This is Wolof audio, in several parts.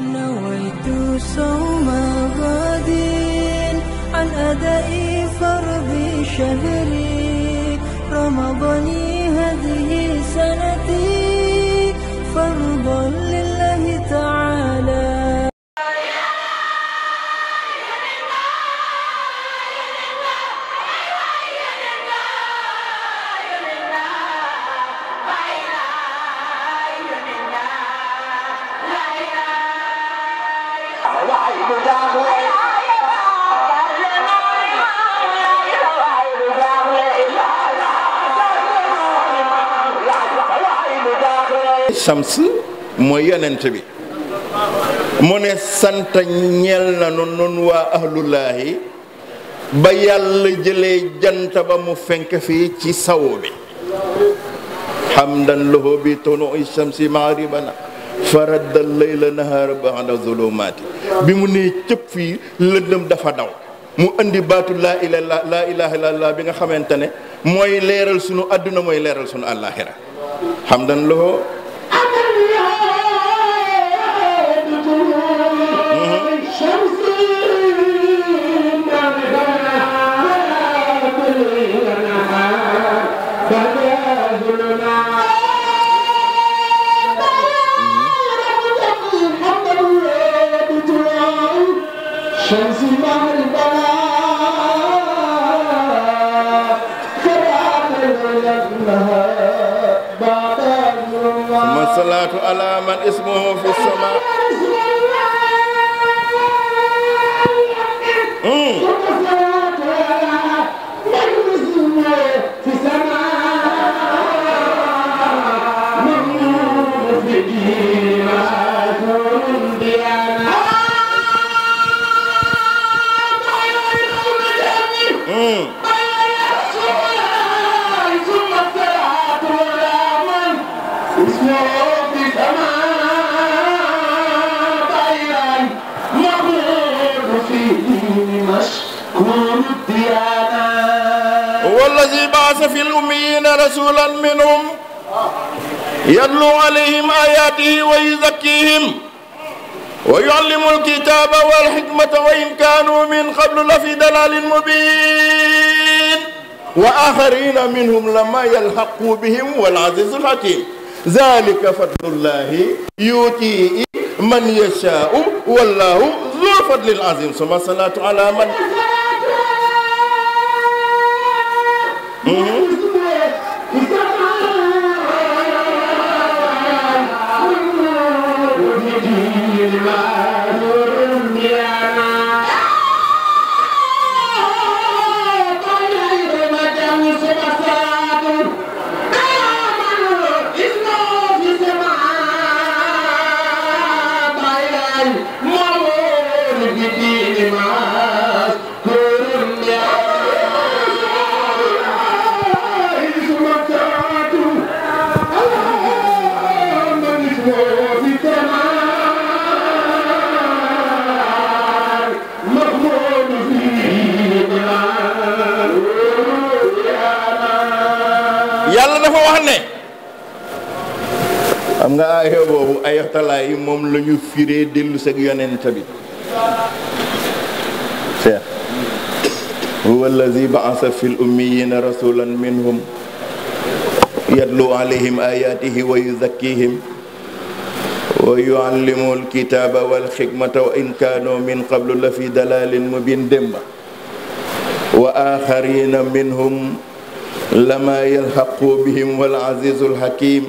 نويت صوم غد عن أداء فرض شهري رمضان shams mooy yonent bi mu ne sant ñeel nanu nun waa ahlullaahi ba yàlla jëlee jant ba mu fenk fii ci saw bi xamdan lahu bi tuluu'i shamsi maaribana faradda layla nahaara ba'da zulumaati bi mu nee cëpp fii lëndëm dafa daw mu indi baatu laa ilaaha laa ilaaha illallaah bi nga xamante ne mooy leeral sunu àdduna mooy leeral sunu àllaaxira xamdan lahu ismuhu الذي بعث في الأميين رسولا منهم يتلو عليهم آياته ويزكيهم ويعلم الكتاب والحكمة وإن كانوا من قبل لفي دلال مبين وآخرين منهم لما يلحقوا بهم والعزيز الحكيم ذلك فضل الله يؤتيه من يشاء والله ذو الفضل العظيم ثم الصلاة على من Amen. dafa wax ne. xam nga aaya boobu ay talaa yi moom la ñu firee dellu seg yonent bi. Cheikh. huwa allazi baasa fil ummiyina rasulan minhum yatlu alayhim ayatihi wa yuzakkihim wa yuallimu alkitaba walxikmata wa in kaanu min qablu la fi dalalin mubin démba wa axarina minhum lama yalhaqu bihim wal azizul hakim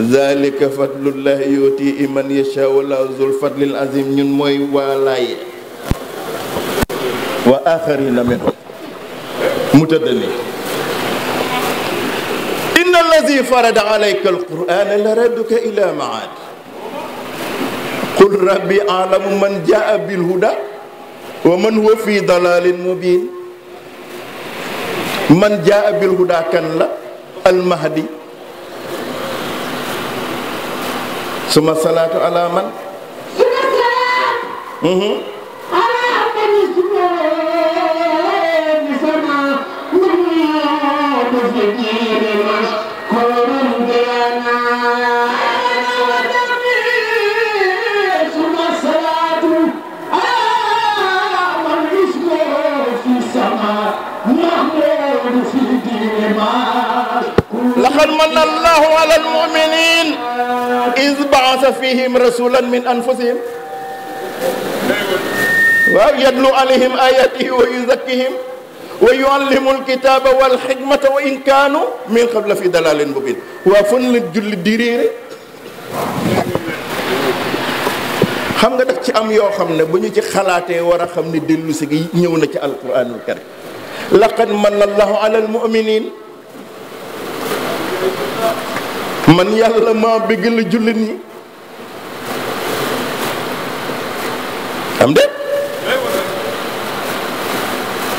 zalika fadlullahi yuti man yasha wala zul fadlil azim ñun mooy waa laaye wa axarina minhum mu tëdd ni inna allazi farada alayka alqurana la radduka ila maad qul rabbi alamu man jaa bilhuda wa man huwa fi dalalin mubin man jaa bil hudaa kan la almahdi suma salaatu ala man لقد من الله على المؤمنين إذ بعث فيهم رسولا من أنفسهم ويدلو عليهم آياته ويزكيهم ويعلم الكتاب والحكمة وإن كانوا من قبل في ضلال مبين وفن الجل الدرير xam nga daf ci am yoo xam ne bu ñu ci xalaatee war a xam ne dellu si gi ñëw na ci alquranul karim laqad manna allahu ala almuminin man yàlla maa bëggal jullit ñi am de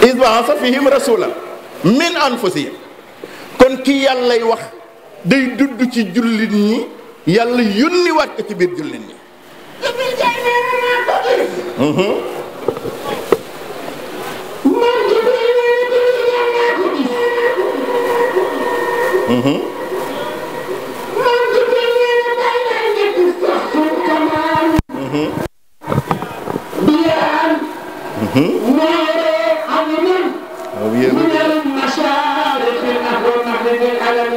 isbaasa fihim rasula min anfusihim kon ki yàllay wax day dudd ci jullit ñi yàlla yónni waat ci biir jullit ñi mhm. Mhm. نار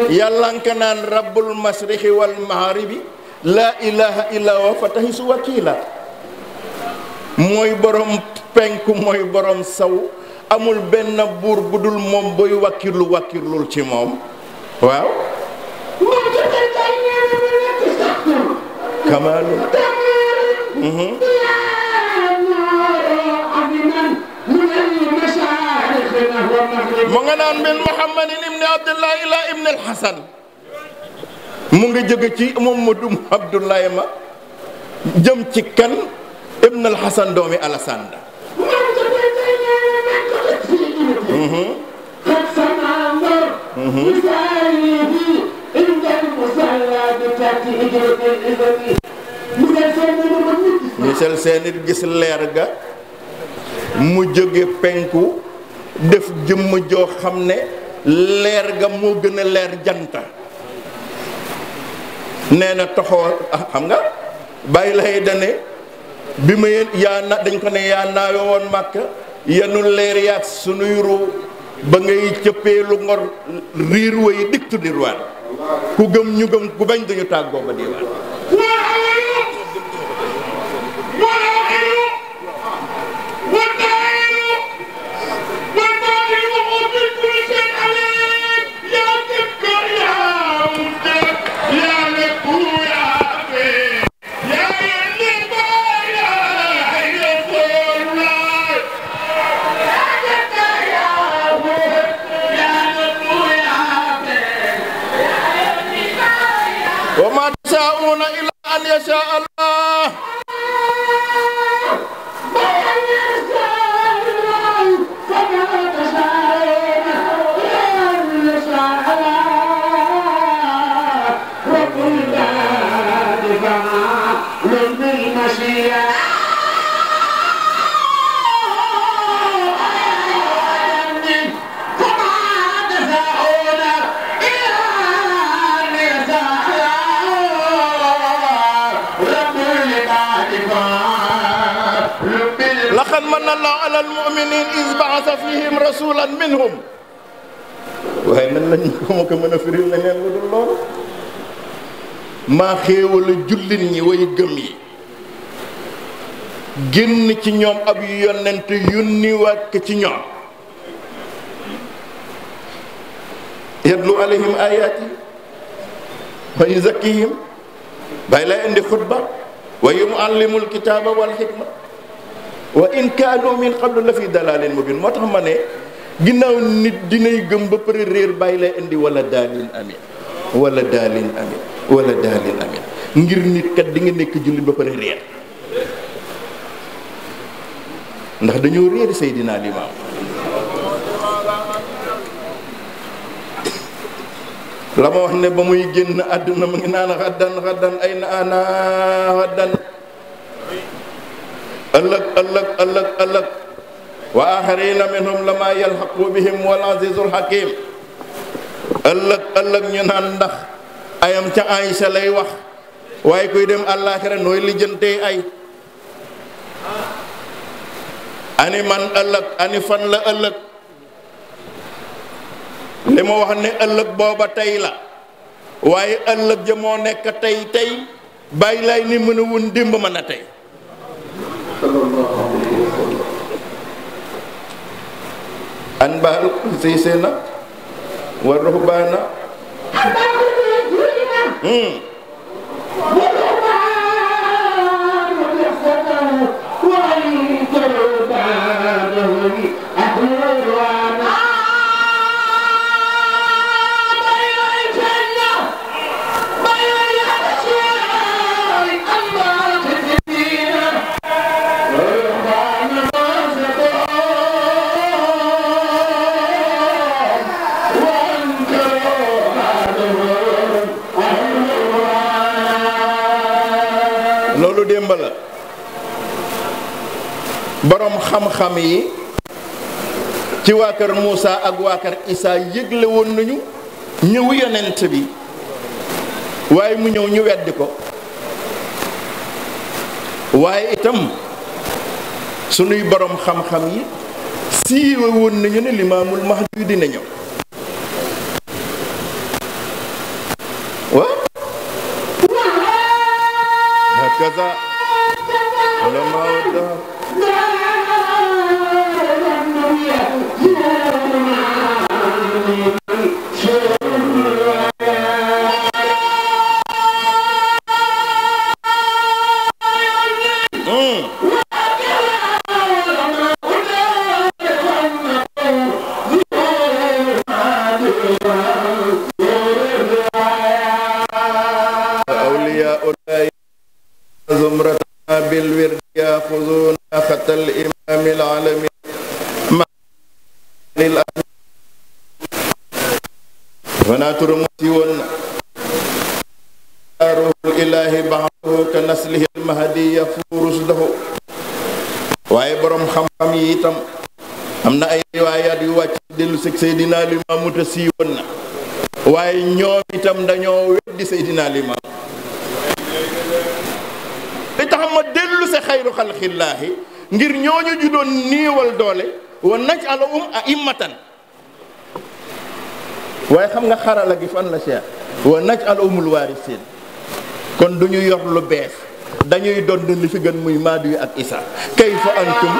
mm-hmm. naan rabbul masrixi wal maghribi laa ilaha illa wa fatahi su wakiila mooy borom penku mooy borom saw amul benn buur bu dul moom booy wakkirlu wakkirlul ci moom waaw kamaalul mu nga naan min Muhammadin ibni Abdullah ila ibni Alxasan mu nga jóge ci Mamadu Abdullahi ma jëm ci kan ibn Alxasan doomi Alasanda mhm. mhm. Michel Seen it gis leer ga mu jóge penku def jëmm joo xam ne leer ga moo gën a leer janta nee na toxoo ah, xam nga bàyyi lay dane bi ma yéen yaa na dañ ko ne yaa naawe woon màkk yenu leer yaat sunuy ruu ba ngay cëppee lu ngor riir way dikk tu dirwaat ku gëm ñu gëm ku bañ duñu tàggoo ba diwaat لقد من الله على المؤمنين إذ بعث فيهم رسولا waaye nan lañ ko ma ko mën a firil na leen maa xéewala jullit ñi way gëm yi génn ci ñoom ab yonent yónniwaat ko ci ñoom yatlu alayhim ayaati wa yuzakkihim bàyyi lay indi xutba wa yuallimul kitaaba wal xikma wa in kaanu min la fi dalaalin mubin moo tax ma ne ginnaaw nit dinay gëm ba pare réer bàyyi lay indi wala daalin amin wala daalin amin wala daalin ngir nit kat di nekk jullit ba pare réer ndax dañoo réer Seydina Limaam la ma wax ne ba muy génn àdduna mu ngi naan xaddan xaddan ay na ana xaddan ëllëg ëllëg ëllëg ëllëg wa axarina minhum lama yalxaqu bihim wal azizul hakim ëllëg ëllëg ñu naan ndax ayam ca Aysa lay wax waaye kuy dem àllaaxira nooy lijjantee ay ani man ëllëg ani fan la ëllëg li ma wax ne ëllëg booba tey la waaye ëllëg ja moo nekk tey tey bàyyi lay ni mën a dimb mën a tey anbahal qudsiina wa ruhbaana xam-xam yi ci waa kër Moussa ak waa kër Isa yëgle woon nañu ñëw yenent bi waaye mu ñëw ñu weddi ko waaye itam sunuy boroom xam-xam yi siiwe woon nañu ne limaamul mahdi dina ñëw بالورد ياخذون خط waaye borom xam-xam yi itam am na ay riwaayaat yu wàcc dellu si Seydina Limaamu te siiwoon na waaye ñoom itam dañoo weddi Seydina Limaamu xalqillaahi ngir ñooñu ju doon néewal doole wa najalahum a'immatan waaye xam nga xarala gi fan la cheikh wa najalahumul waarisin kon du ñu yor lu bees dañuy doon li fi gën muy maadu yi ak isa kayfa antum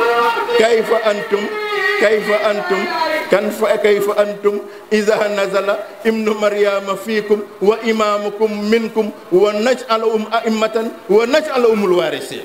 kayfa antum kan fa kayfa antum iza nazala ibnu maryama fiikum wa imamukum minkum wa najalahum a'immatan wa najalahumul waarisin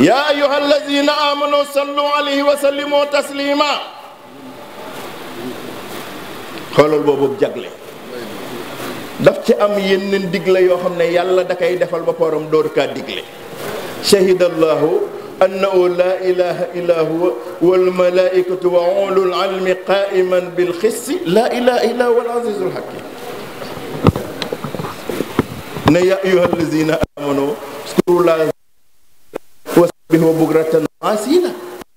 يا أيها الذين آمنوا صلوا عليه وسلموا تسليما xoolal boobu jagle daf ci am yenn digle yoo xam ne yàlla da koy defal ba porom door kaa digle shahida allahu annahu laa ilaha illa huwa wal malaikatu wa ulul ilmi qaiman bil xisti laa ilaha illa huwa al azizul hakim ne ya ayyuha allazina amanu skuru laa bin wa bukratan asila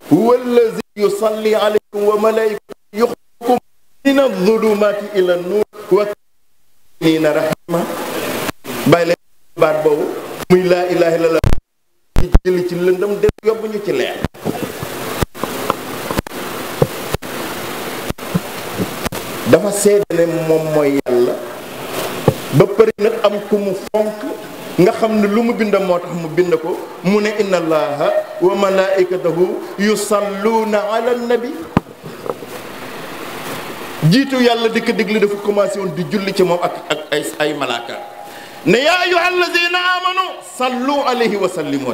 huwa allazi yusalli alaykum wa malaikatu yukhrijukum min adh-dhulumati ila an-nur wa kanina rahima bàyyi leen baat boobu muy laa ilaha illallah ñu jëli ci lëndam dem yóbbu ñu ci leer dafa seede ne moom mooy yàlla ba pare nag am ku mu fonk nga xam ne lu mu bind moo tax mu bind ko mu ne inna allaha wa malaikatahu yusalluuna ala nabi jiitu yàlla dikk ko dafa commencé woon di julli ci moom ak ak ay ay malaaka ne yaa ayyuha allazina amanu sallu alayhi wa sallimu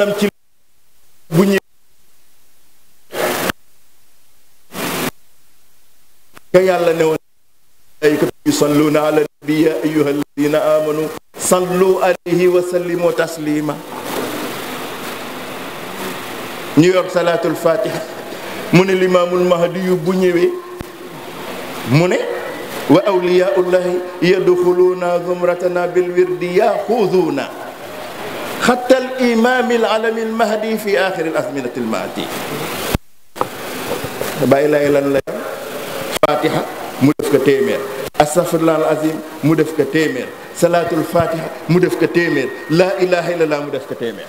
xelam ci bu ñëw ka yàlla ne woon malaayika yusalluuna ala nabi ya ayuha alladina amanu sallu alayhi wa sallimu taslima ñu yor salaatul fatiha mu ne limaamul mahdi yu bu ñëwee mu ne wa awliyaullahi yadxuluuna zumratana bilwirdi yaaxuuduuna xatta al imaam al alami al mahdi fi aaxir al azminati al maati bàyyi laay lan la faatiha mu def ko téeméer astaghfirullah al azim mu def ko téeméer salaatul faatiha mu def ko téeméer laa ilaaha illallah mu def ko téeméer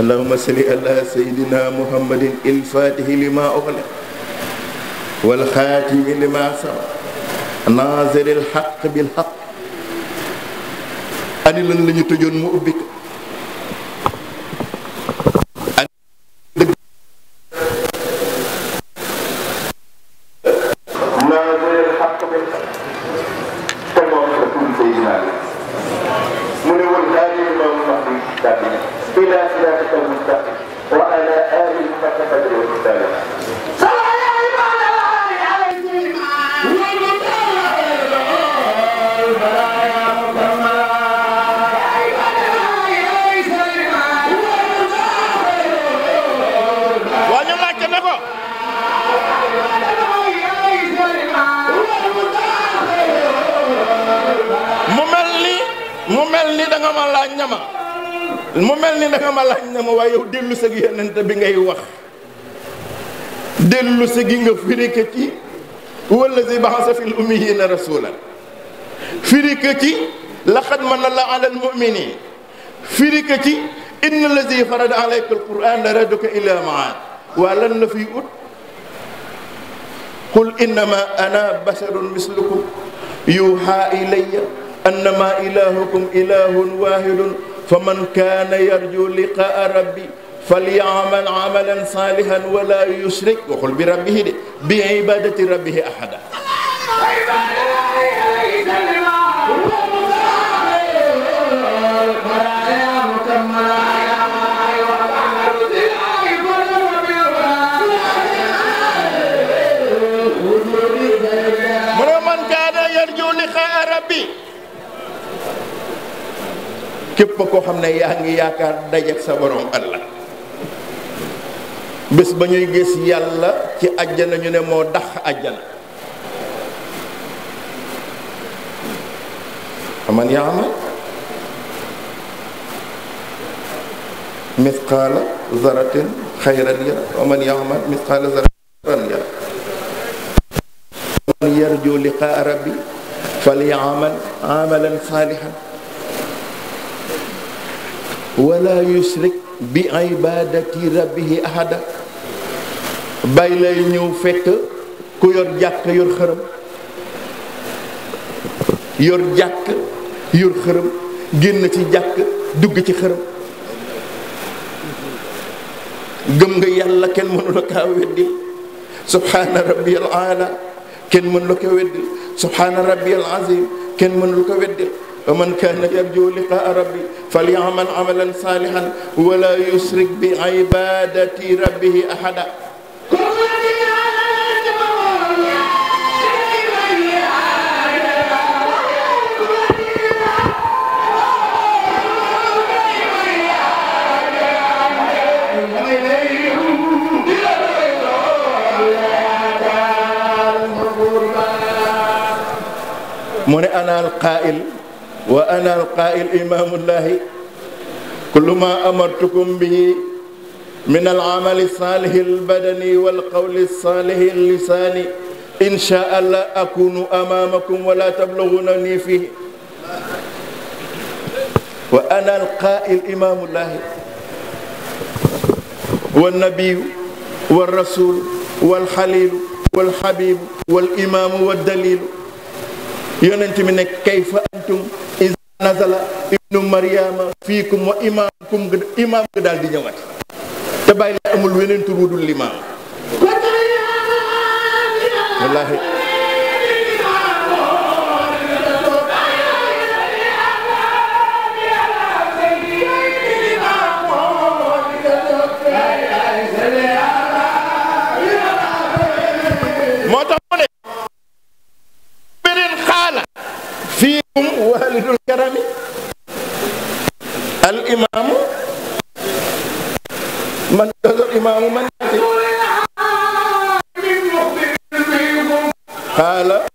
allahuma salli ala sayidina muhammadin il faatihi lima uxliq wal xaatimi lima sabaq naasiril xaq bil xaq ñaari lan la ñu tëjoon mu ubbi ko mu ne woon daal di leen doon wax bi daal di ne. ma mu mel ni da nga ma laaj ne ma waaye yow dellu sa gi yonent bi ngay wax dellu sa gi nga firi ko ci wallazi ba'asa fil ummiyyiina rasuulan firi ko ci laqad manna llaahu alal mu'miniin firi ko ci inna lazi farada alayka alquran la radduka ilaa ma'aad waa lan la fiy ut qul innama ana basharun mislukum yuuhaa ilayya أنما إلهكم إله واحد فمن كان يرجو لقاء ربي فليعمل عملا صالحا ولا يشرك وقل بربه بعبادة ربه أحدا képp koo xam ne yaa ngi yaakaar dajeek sa borom Allah bés ba ñuy gis yàlla ci àjjana ñu ne moo dax àjjana aman yaamal misqaala zaratin xayran yara waman yaamal misqaala zaratin xayran yara man yarju liqaa rabbi fal yaamal amalan saalihan wala yusrik bi ibadati rabbihi ahada bàyyi lay ñëw fekk ku yor jàkk yor xërëm yor jàkk yor xërëm génn ci jàkk dugg ci xërëm gëm nga yàlla kenn mënu la kaa weddi subhaana rabbiyal aala kenn mënu la ko weddi subhaana rabbiyal azim kenn mënu la ko weddi ومن كان يرجو لقاء ربي فليعمل عملا صالحا ولا يشرك بعبادة ربه أحدا من أنا القائل wa ana alqaa'il imaamullahi kullu ma amartukum bihi min al'amali saalihi albadani walqawli saalihi allisaani insha allah akunu amaamakum wala tablugunani fihi wa ana alqaa'il imaamullahi wannabiyu walrasulu walxalilu walxabibu walimaamu waddalilu yonent mi ne kayfa antum nasala ibnu mariama fiikum wa imaamkum imaam nga daal di ñëwaat te bàyyi la amul weneen tur wu walidul karami al imaamu man dozor imaamu man naati qaala